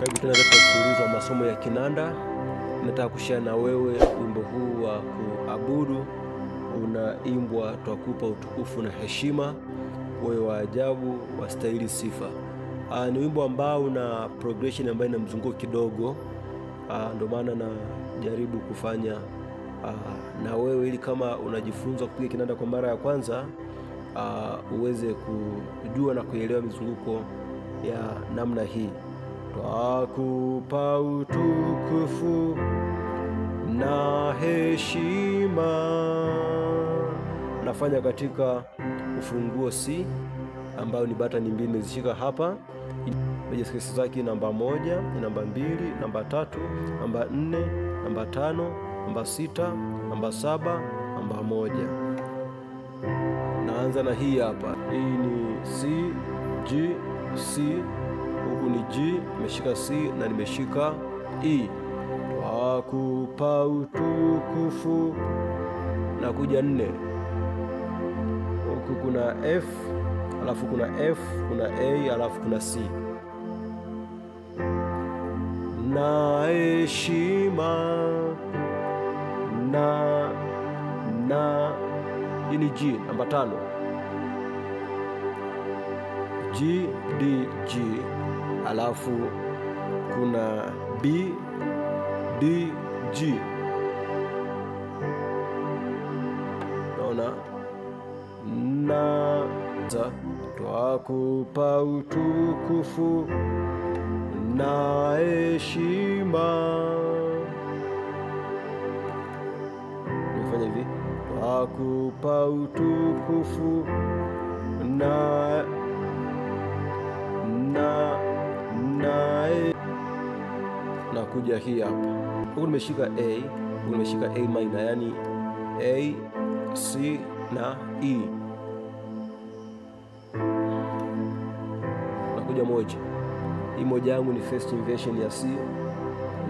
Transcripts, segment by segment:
Karibu tena katika mfululizo wa masomo ya kinanda. Nataka kushare na wewe wimbo huu wa kuabudu, unaimbwa Twakupa utukufu na heshima, wewe wa ajabu, wastahili sifa. Aa, ah, ni wimbo ambao una progression ambayo ina mzunguko kidogo, ah, ndio maana najaribu kufanya aa, ah, na wewe, ili kama unajifunza kupiga kinanda kwa mara ya kwanza aa, uweze kujua na kuelewa mizunguko ya namna hii twakupa utukufu na heshima. Nafanya katika ufunguo C ambayo ni bata ni mbili, nimezishika hapa ejeskesi zake namba moja, namba mbili, namba tatu, namba nne, namba tano, namba sita, namba saba, namba moja. Naanza na hii hapa, hii ni C G C huku ni G, nimeshika C na nimeshika E. Twakupa utukufu na kuja nne, huku kuna F alafu kuna F kuna A alafu kuna C na heshima na na hii ni G namba tano G D G alafu kuna B, D, G. Naona naza twakupa utukufu na heshima. Nimefanya hivi, twakupa utukufu na inakuja hii hapa, huku nimeshika A, huku nimeshika A minor, yani A, C na E, nakuja moja. Hii moja yangu ni first inversion ya C,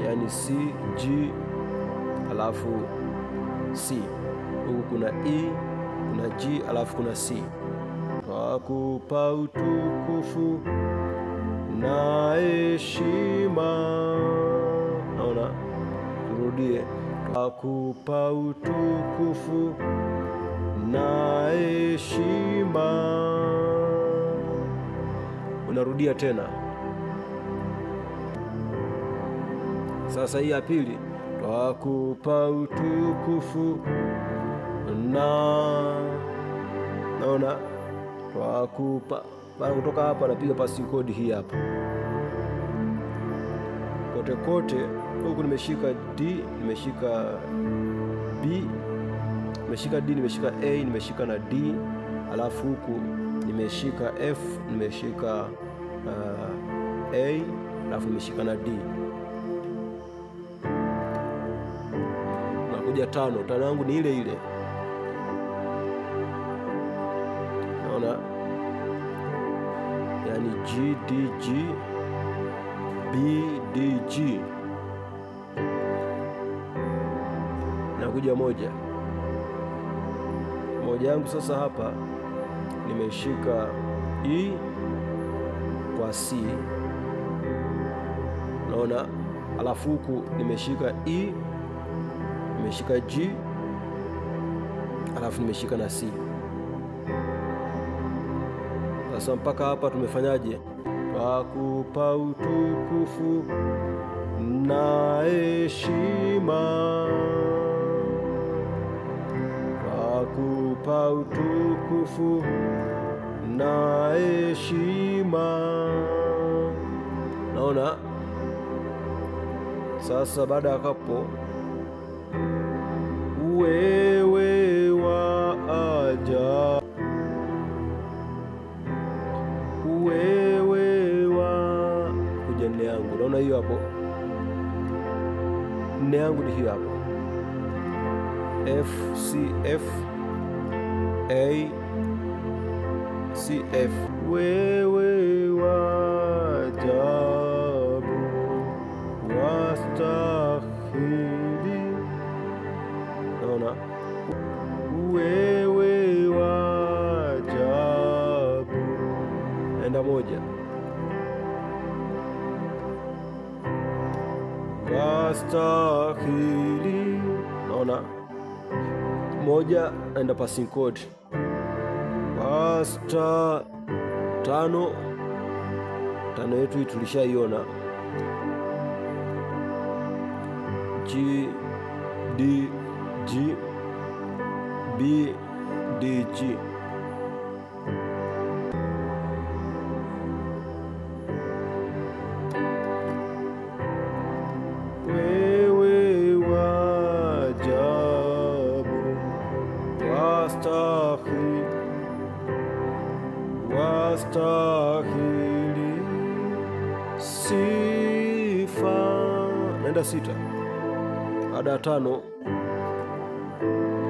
yani C G alafu C. Huku kuna E, kuna G alafu kuna C. Twakupa utukufu na heshima Akupa utukufu na heshima. Unarudia tena. Sasa hii ya pili, twakupa utukufu na naona, twakupa bana. Kutoka hapa napiga pasi kodi hii hapa kote kote huku nimeshika D, nimeshika B, nimeshika D, nimeshika A, nimeshika na D, alafu huku nimeshika F, nimeshika uh, A, alafu nimeshika na D. Nakuja tano, tano yangu ni ile ile, naona yani G D G B D G inakuja moja moja yangu sasa hapa nimeshika E kwa C, naona. Alafu huku nimeshika E, nimeshika G, alafu nimeshika na C. Sasa mpaka hapa tumefanyaje? Wakupa utukufu na heshima kumpa utukufu na heshima. Naona sasa, baada ya hapo, wewe wa aja wewe wa kuja nne yangu, naona hiyo hapo, nne yangu ni hiyo hapo F C F a ACF, wewe waja moja enda passing code. Pasta tano tano yetu hii tulishaiona. G D G B D G stahili sifa. nenda sita, ada tano,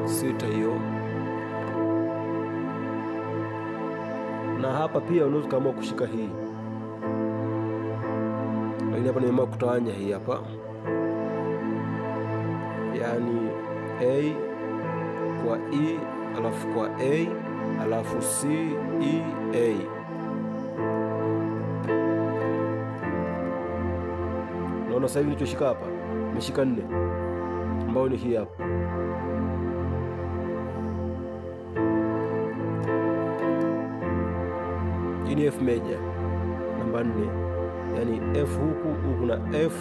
sita hiyo. Na hapa pia unaweza ukaamua kushika hii, lakini hapa nimeamua kutawanya hii hapa, yaani A kwa E alafu kwa A alafu CEA. Naona sasa hivi nilichoshika hapa, nimeshika nne ambayo ni hii hapa. Hii ni F meja namba nne, yaani F huku huku na F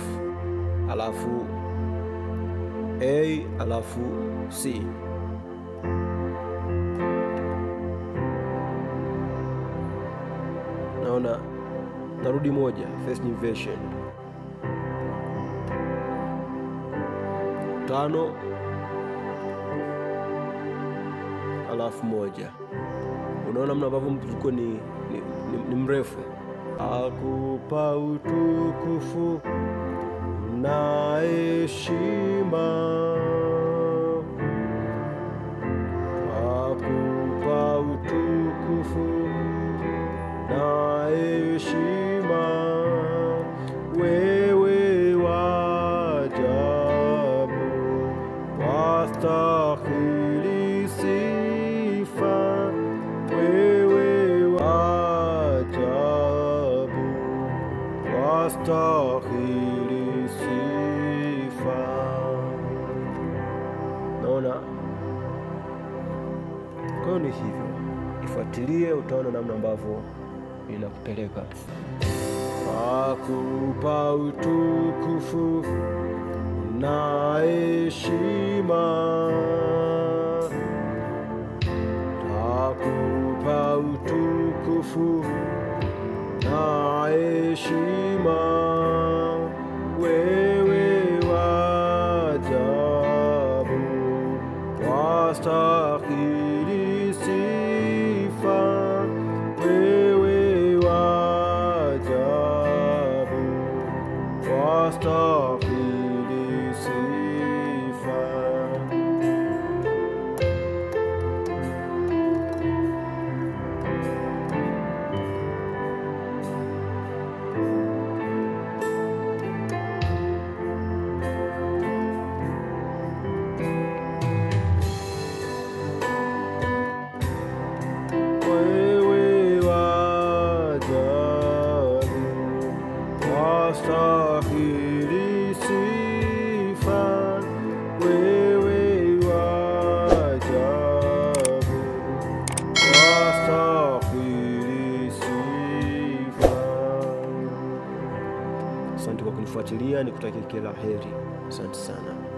alafu A alafu C. tarudi moja first inversion tano alafu moja. Unaona mna ambavyo mzunguko ni, ni, ni, ni mrefu. Akupa utukufu na heshima stahili sifa. Naona kwayo ni hivyo, ifuatilie, utaona namna ambavyo inakupeleka pakupa utukufu na heshima, takupa utukufu Mustafi na nikutakia kila heri. Asante sana.